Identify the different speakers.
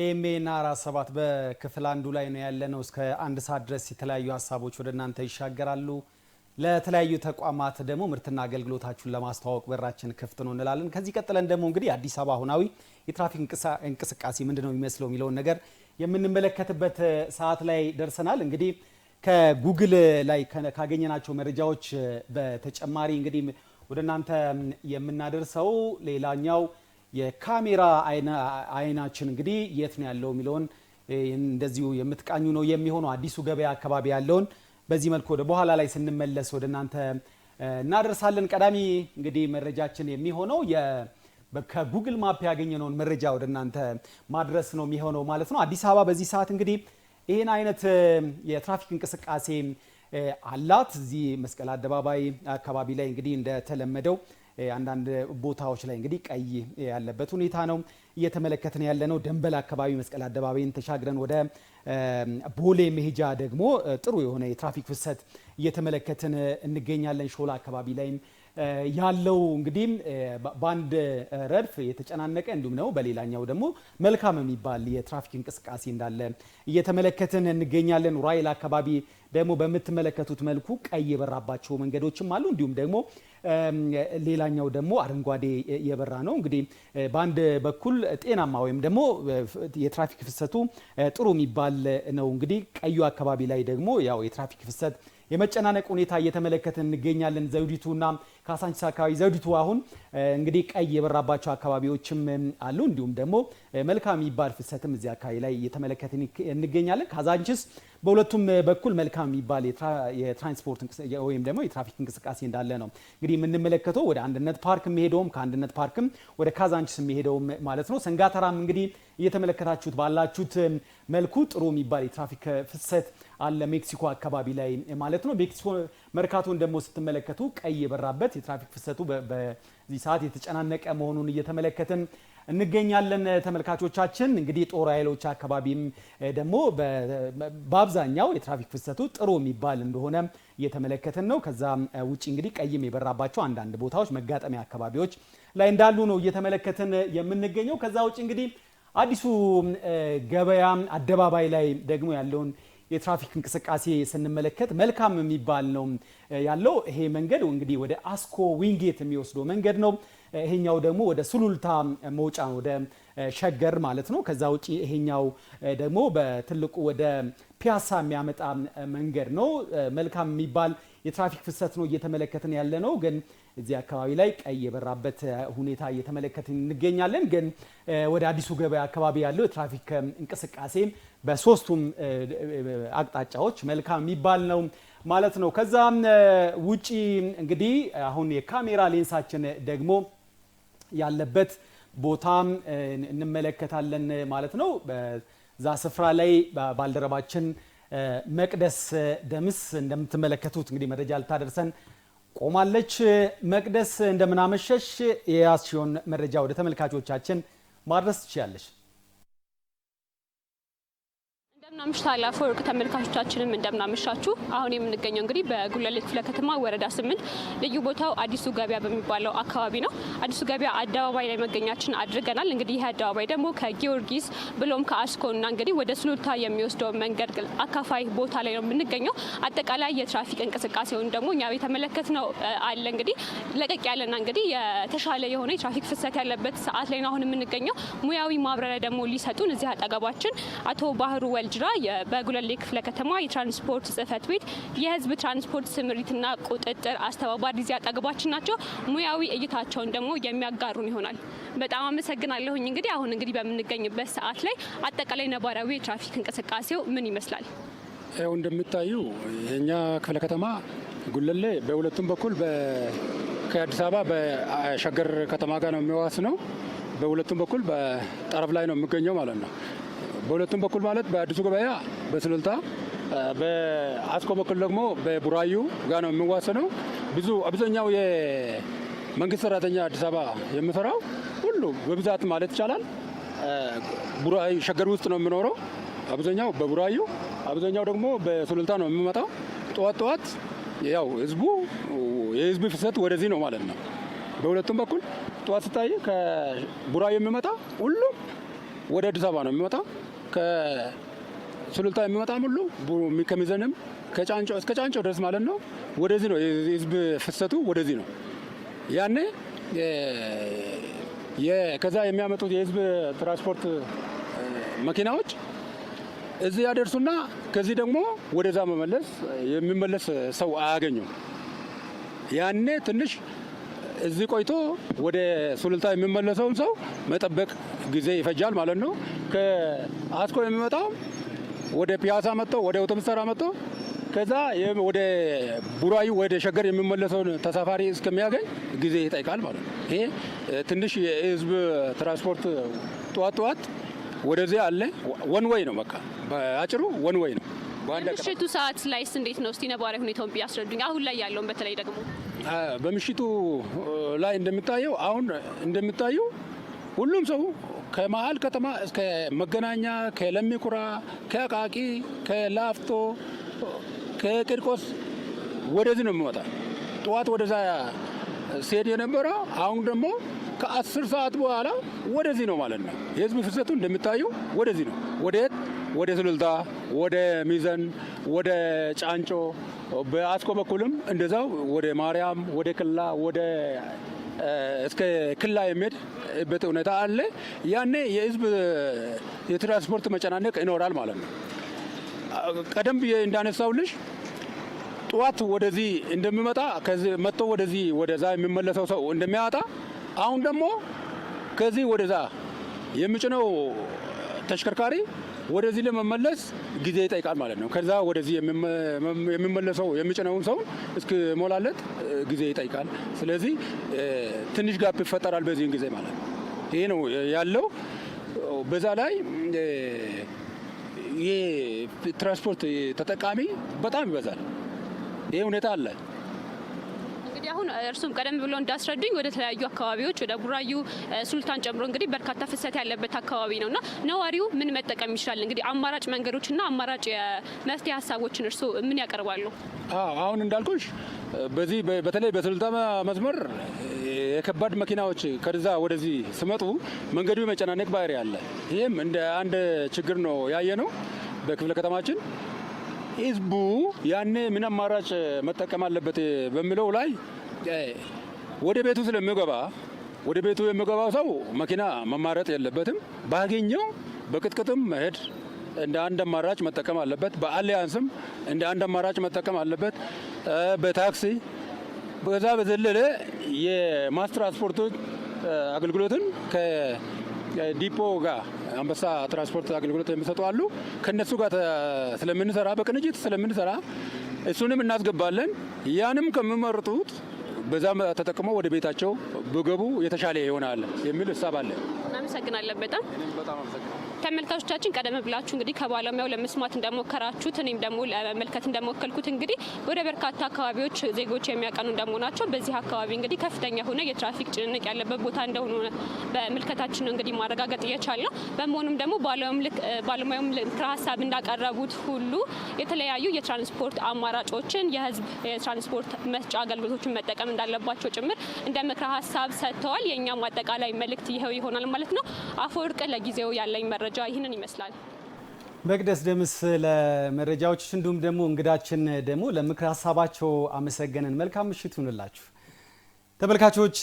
Speaker 1: ኤሜና አራት ሰባት በክፍል አንዱ ላይ ነው ያለነው። እስከ አንድ ሰዓት ድረስ የተለያዩ ሀሳቦች ወደ እናንተ ይሻገራሉ። ለተለያዩ ተቋማት ደግሞ ምርትና አገልግሎታችሁን ለማስተዋወቅ በራችን ክፍት ነው እንላለን። ከዚህ ቀጥለን ደግሞ እንግዲህ አዲስ አበባ አሁናዊ የትራፊክ እንቅስቃሴ ምንድን ነው የሚመስለው የሚለውን ነገር የምንመለከትበት ሰዓት ላይ ደርሰናል። እንግዲህ ከጉግል ላይ ካገኘናቸው መረጃዎች በተጨማሪ እንግዲህ ወደ እናንተ የምናደርሰው ሌላኛው የካሜራ አይናችን እንግዲህ የት ነው ያለው የሚለውን እንደዚሁ የምትቃኙ ነው የሚሆነው። አዲሱ ገበያ አካባቢ ያለውን በዚህ መልኩ ወደ በኋላ ላይ ስንመለስ ወደ እናንተ እናደርሳለን። ቀዳሚ እንግዲህ መረጃችን የሚሆነው ከጉግል ማፕ ያገኘነውን መረጃ ወደ እናንተ ማድረስ ነው የሚሆነው ማለት ነው። አዲስ አበባ በዚህ ሰዓት እንግዲህ ይህን አይነት የትራፊክ እንቅስቃሴ አላት። እዚህ መስቀል አደባባይ አካባቢ ላይ እንግዲህ እንደተለመደው አንዳንድ ቦታዎች ላይ እንግዲህ ቀይ ያለበት ሁኔታ ነው እየተመለከትን ያለ ነው። ደንበል አካባቢ መስቀል አደባባይን ተሻግረን ወደ ቦሌ መሄጃ ደግሞ ጥሩ የሆነ የትራፊክ ፍሰት እየተመለከትን እንገኛለን። ሾላ አካባቢ ላይም ያለው እንግዲህ በአንድ ረድፍ የተጨናነቀ እንዲሁም ነው በሌላኛው ደግሞ መልካም የሚባል የትራፊክ እንቅስቃሴ እንዳለ እየተመለከትን እንገኛለን። ራይል አካባቢ ደግሞ በምትመለከቱት መልኩ ቀይ የበራባቸው መንገዶችም አሉ። እንዲሁም ደግሞ ሌላኛው ደግሞ አረንጓዴ የበራ ነው። እንግዲህ በአንድ በኩል ጤናማ ወይም ደግሞ የትራፊክ ፍሰቱ ጥሩ የሚባል ነው። እንግዲህ ቀዩ አካባቢ ላይ ደግሞ ያው የትራፊክ ፍሰት የመጨናነቅ ሁኔታ እየተመለከትን እንገኛለን። ዘውዲቱና ካሳንቺስ አካባቢ ዘውዲቱ አሁን እንግዲህ ቀይ የበራባቸው አካባቢዎችም አሉ። እንዲሁም ደግሞ መልካም የሚባል ፍሰትም እዚህ አካባቢ ላይ እየተመለከትን እንገኛለን። ካሳንቺስ በሁለቱም በኩል መልካም የሚባል የትራንስፖርት ወይም ደግሞ የትራፊክ እንቅስቃሴ እንዳለ ነው እንግዲህ የምንመለከተው። ወደ አንድነት ፓርክ የሚሄደውም ከአንድነት ፓርክም ወደ ካዛንቺስ የሚሄደውም ማለት ነው። ሰንጋተራም እንግዲህ እየተመለከታችሁት ባላችሁት መልኩ ጥሩ የሚባል የትራፊክ ፍሰት አለ ሜክሲኮ አካባቢ ላይ ማለት ነው። ሜክሲኮ መርካቶን ደግሞ ስትመለከቱ ቀይ የበራበት የትራፊክ ፍሰቱ በዚህ ሰዓት የተጨናነቀ መሆኑን እየተመለከትን እንገኛለን። ተመልካቾቻችን እንግዲህ ጦር ኃይሎች አካባቢም ደግሞ በአብዛኛው የትራፊክ ፍሰቱ ጥሩ የሚባል እንደሆነ እየተመለከትን ነው። ከዛ ውጭ እንግዲህ ቀይም የበራባቸው አንዳንድ ቦታዎች መጋጠሚያ አካባቢዎች ላይ እንዳሉ ነው እየተመለከትን የምንገኘው። ከዛ ውጭ እንግዲህ አዲሱ ገበያ አደባባይ ላይ ደግሞ ያለውን የትራፊክ እንቅስቃሴ ስንመለከት መልካም የሚባል ነው ያለው። ይሄ መንገድ እንግዲህ ወደ አስኮ ዊንጌት የሚወስደው መንገድ ነው። ይሄኛው ደግሞ ወደ ሱሉልታ መውጫ ወደ ሸገር ማለት ነው። ከዛ ውጪ ይሄኛው ደግሞ በትልቁ ወደ ፒያሳ የሚያመጣ መንገድ ነው። መልካም የሚባል የትራፊክ ፍሰት ነው እየተመለከትን ያለ ነው። ግን እዚህ አካባቢ ላይ ቀይ የበራበት ሁኔታ እየተመለከትን እንገኛለን። ግን ወደ አዲሱ ገበያ አካባቢ ያለው የትራፊክ እንቅስቃሴ በሶስቱም አቅጣጫዎች መልካም የሚባል ነው ማለት ነው። ከዛ ውጪ እንግዲህ አሁን የካሜራ ሌንሳችን ደግሞ ያለበት ቦታ እንመለከታለን ማለት ነው። በዛ ስፍራ ላይ ባልደረባችን መቅደስ ደምስ እንደምትመለከቱት እንግዲህ መረጃ ልታደርሰን ቆማለች። መቅደስ እንደምናመሸሽ የያዝሽውን መረጃ ወደ ተመልካቾቻችን ማድረስ ትችላለች።
Speaker 2: እንደምናምሽታል ወርቅ ተመልካቾቻችንም እንደምናመሻችሁ። አሁን የምንገኘው እንግዲህ በጉለሌ ክፍለ ከተማ ወረዳ ስምንት ልዩ ቦታው አዲሱ ገበያ በሚባለው አካባቢ ነው። አዲሱ ገበያ አደባባይ ላይ መገኛችን አድርገናል። እንግዲህ ይህ አደባባይ ደግሞ ከጊዮርጊስ ብሎም ከአስኮና እንግዲህ ወደ ሱሉልታ የሚወስደው መንገድ አካፋይ ቦታ ላይ ነው የምንገኘው። አጠቃላይ የትራፊክ እንቅስቃሴውን ደግሞ እኛ የተመለከት ነው አለ እንግዲህ ለቀቅ ያለና እንግዲህ የተሻለ የሆነ የትራፊክ ፍሰት ያለበት ሰዓት ላይ ነው አሁን የምንገኘው። ሙያዊ ማብራሪያ ደግሞ ሊሰጡን እዚህ አጠገባችን አቶ ባህሩ ወልጅራ በጉለሌ ክፍለ ከተማ የትራንስፖርት ጽህፈት ቤት የህዝብ ትራንስፖርት ስምሪትና ቁጥጥር አስተባባሪ ዚያ ጠግባችን ናቸው። ሙያዊ እይታቸውን ደግሞ የሚያጋሩን ይሆናል። በጣም አመሰግናለሁኝ። እንግዲህ አሁን እንግዲህ በምንገኝበት ሰዓት ላይ አጠቃላይ ነባራዊ የትራፊክ እንቅስቃሴው ምን ይመስላል?
Speaker 3: ያው እንደምታዩ የኛ ክፍለ ከተማ ጉለሌ በሁለቱም በኩል ከአዲስ አበባ በሸገር ከተማ ጋር ነው የሚዋስ ነው። በሁለቱም በኩል በጠረፍ ላይ ነው የሚገኘው ማለት ነው። በሁለቱም በኩል ማለት በአዲሱ ገበያ በስልልታ በአስኮ በኩል ደግሞ በቡራዩ ጋ ነው የሚዋሰነው። ብዙ አብዛኛው የመንግስት ሰራተኛ አዲስ አበባ የሚሰራው ሁሉ በብዛት ማለት ይቻላል ቡራዩ ሸገር ውስጥ ነው የሚኖረው። አብዛኛው በቡራዩ አብዛኛው ደግሞ በስልልታ ነው የምመጣው። ጠዋት ጠዋት ያው ህዝቡ የህዝብ ፍሰት ወደዚህ ነው ማለት ነው። በሁለቱም በኩል ጠዋት ስታይ ከቡራዩ የሚመጣ ሁሉም ወደ አዲስ አበባ ነው የሚወጣ። ከሱሉልታ የሚመጣ ሁሉ ከሚዘንም ከጫንጮ እስከ ጫንጮ ድረስ ማለት ነው። ወደዚህ ነው የህዝብ ፍሰቱ ወደዚህ ነው። ያኔ ከዛ የሚያመጡት የህዝብ ትራንስፖርት መኪናዎች እዚህ ያደርሱና ከዚህ ደግሞ ወደዛ መመለስ የሚመለስ ሰው አያገኙም። ያኔ ትንሽ እዚህ ቆይቶ ወደ ሱሉልታ የሚመለሰውን ሰው መጠበቅ ጊዜ ይፈጃል ማለት ነው። ከአስኮ የሚመጣው ወደ ፒያሳ መጥቶ ወደ አውቶቡስ ተራ መጥቶ ከዛ ወደ ቡራዩ ወደ ሸገር የሚመለሰውን ተሳፋሪ እስከሚያገኝ ጊዜ ይጠይቃል ማለት ነው። ይሄ ትንሽ የህዝብ ትራንስፖርት ጠዋት ጠዋት ወደዚህ አለ ወን ወይ ነው በቃ በአጭሩ ወን ወይ ነው።
Speaker 2: በምሽቱ ሰዓት ላይስ እንዴት ነው? እስቲ ነባሪ ሁኔታውን ቢያስረዱኝ። አሁን ላይ ያለውን በተለይ ደግሞ
Speaker 3: በምሽቱ ላይ እንደምታየው አሁን እንደምታየው ሁሉም ሰው ከመሀል ከተማ እስከ መገናኛ፣ ከለሚኩራ፣ ከአቃቂ፣ ከላፍቶ፣ ከቂርቆስ ወደዚህ ነው የሚወጣ። ጠዋት ወደዛ ሲሄድ የነበረ አሁን ደግሞ ከአስር ሰዓት በኋላ ወደዚህ ነው ማለት ነው። የህዝብ ፍሰቱ እንደሚታዩ ወደዚህ ነው። ወደ የት? ወደ ስልልታ ወደ ሚዘን፣ ወደ ጫንጮ በአስኮ በኩልም እንደዛው ወደ ማርያም ወደ ክላ ወደ እስከ ክላ የሚሄድበት ሁኔታ አለ። ያኔ የህዝብ የትራንስፖርት መጨናነቅ ይኖራል ማለት ነው። ቀደም ብዬ ልሽ ጠዋት ወደዚህ እንደሚመጣ መጥቶ ወደዚህ ወደዛ የሚመለሰው ሰው እንደሚያጣ፣ አሁን ደግሞ ከዚህ ወደዛ የሚጭነው ተሽከርካሪ ወደዚህ ለመመለስ ጊዜ ይጠይቃል ማለት ነው። ከዛ ወደዚህ የሚመለሰው የሚጭነውን ሰው እስኪሞላለት ጊዜ ይጠይቃል። ስለዚህ ትንሽ ጋፕ ይፈጠራል በዚህን ጊዜ ማለት ነው። ይሄ ነው ያለው። በዛ ላይ የትራንስፖርት ተጠቃሚ በጣም ይበዛል። ይሄ ሁኔታ አለ።
Speaker 2: አሁን እርሱም ቀደም ብሎ እንዳስረዱኝ ወደ ተለያዩ አካባቢዎች ወደ ቡራዩ ሱልታን ጨምሮ እንግዲህ በርካታ ፍሰት ያለበት አካባቢ እና ነዋሪው ምን መጠቀም ይችላል? እንግዲህ አማራጭ እና አማራጭ መፍትሄ ሀሳቦችን እርሱ ምን ያቀርባሉ?
Speaker 3: አሁን እንዳልኩሽ በዚህ በተለይ በሱልታን መስመር የከባድ መኪናዎች ከዛ ወደዚህ ስመጡ መንገዱ የመጨናነቅ ባህሪ አለ። ይህም እንደ አንድ ችግር ነው ያየ ነው በክፍለ ከተማችን ህዝቡ ያኔ ምን አማራጭ መጠቀም አለበት በሚለው ላይ ወደ ቤቱ ስለሚገባ ወደ ቤቱ የሚገባው ሰው መኪና መማረጥ የለበትም። ባገኘው በቅጥቅጥም መሄድ እንደ አንድ አማራጭ መጠቀም አለበት። በአሊያንስም እንደ አንድ አማራጭ መጠቀም አለበት። በታክሲ በዛ በዘለለ የማስ ትራንስፖርት አገልግሎትን ከዲፖ ጋር አንበሳ ትራንስፖርት አገልግሎት የሚሰጡ አሉ። ከእነሱ ጋር ስለምንሰራ በቅንጅት ስለምንሰራ እሱንም እናስገባለን። ያንም ከሚመርጡት በዛም ተጠቅመው ወደ ቤታቸው ብገቡ የተሻለ ይሆናል የሚል ሀሳብ አለ።
Speaker 2: እናመሰግናለን በጣም በጣም ተመልካቾቻችን ቀደም ብላችሁ እንግዲህ ከባለሙያው ለመስማት እንደሞከራችሁት እኔም ደግሞ ለመመልከት እንደሞከልኩት እንግዲህ ወደ በርካታ አካባቢዎች ዜጎች የሚያቀኑ እንደመሆናቸው በዚህ አካባቢ እንግዲህ ከፍተኛ የሆነ የትራፊክ ጭንንቅ ያለበት ቦታ እንደሆነ በምልከታችን ነው እንግዲህ ማረጋገጥ እየቻል ነው። በመሆኑም ደግሞ ባለሙያውም ምክረ ሀሳብ እንዳቀረቡት ሁሉ የተለያዩ የትራንስፖርት አማራጮችን የህዝብ የትራንስፖርት መስጫ አገልግሎቶችን መጠቀም እንዳለባቸው ጭምር እንደ ምክረ ሀሳብ ሰጥተዋል። የእኛም አጠቃላይ መልእክት ይኸው ይሆናል ማለት ነው። አፈወርቅ ለጊዜው ያለኝ መረጃ መረጃ ይህንን ይመስላል።
Speaker 1: መቅደስ ደምስ ለመረጃዎች እንዲሁም ደግሞ እንግዳችን ደግሞ ለምክር ሀሳባቸው አመሰገንን። መልካም ምሽት ይሁንላችሁ ተመልካቾች።